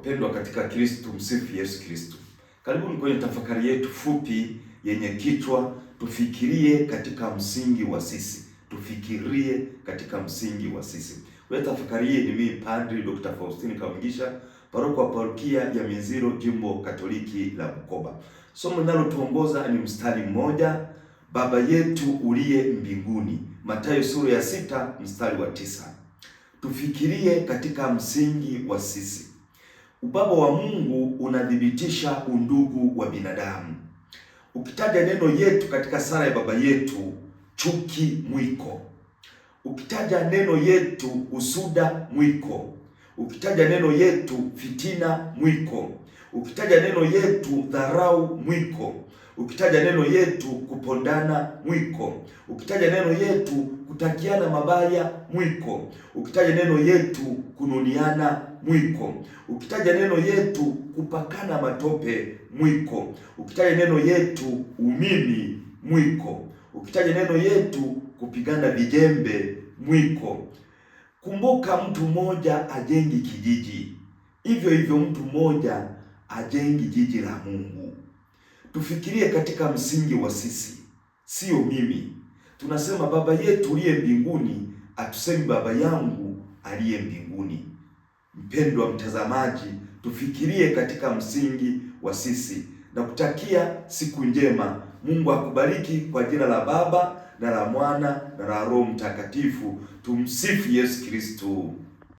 Wapendwa katika Kristo, msifu Yesu Kristo. Karibuni kwenye tafakari yetu fupi yenye kichwa tufikirie katika msingi wa sisi, tufikirie katika msingi wa sisi. Kwenye tafakari hii ni mimi Padri Dr. Faustini Kaungisha, paroko wa parokia ya Miziro, jimbo Katoliki la Bukoba. Somo linalotuongoza ni mstari mmoja, Baba yetu uliye mbinguni, Mathayo sura ya sita mstari wa tisa. Tufikirie katika msingi wa sisi. Ubaba wa Mungu unathibitisha undugu wa binadamu. Ukitaja neno yetu katika sala ya Baba Yetu, chuki mwiko. Ukitaja neno yetu, usuda mwiko. Ukitaja neno yetu, fitina mwiko. Ukitaja neno yetu, dharau mwiko. Ukitaja neno yetu, kupondana mwiko. Ukitaja neno yetu, kutakiana mabaya mwiko. Ukitaja neno yetu, kununiana mwiko. Ukitaja neno yetu kupakana matope, mwiko. Ukitaja neno yetu umimi, mwiko. Ukitaja neno yetu kupigana vijembe, mwiko. Kumbuka, mtu mmoja ajengi kijiji, hivyo hivyo mtu mmoja ajengi jiji la Mungu. Tufikirie katika msingi wa sisi, sio mimi. Tunasema baba yetu uliye mbinguni, atusemi baba yangu aliye mbinguni. Mpendwa mtazamaji, tufikirie katika msingi wa sisi na kutakia siku njema. Mungu akubariki kwa jina la Baba na la Mwana na la Roho Mtakatifu. Tumsifu Yesu Kristo.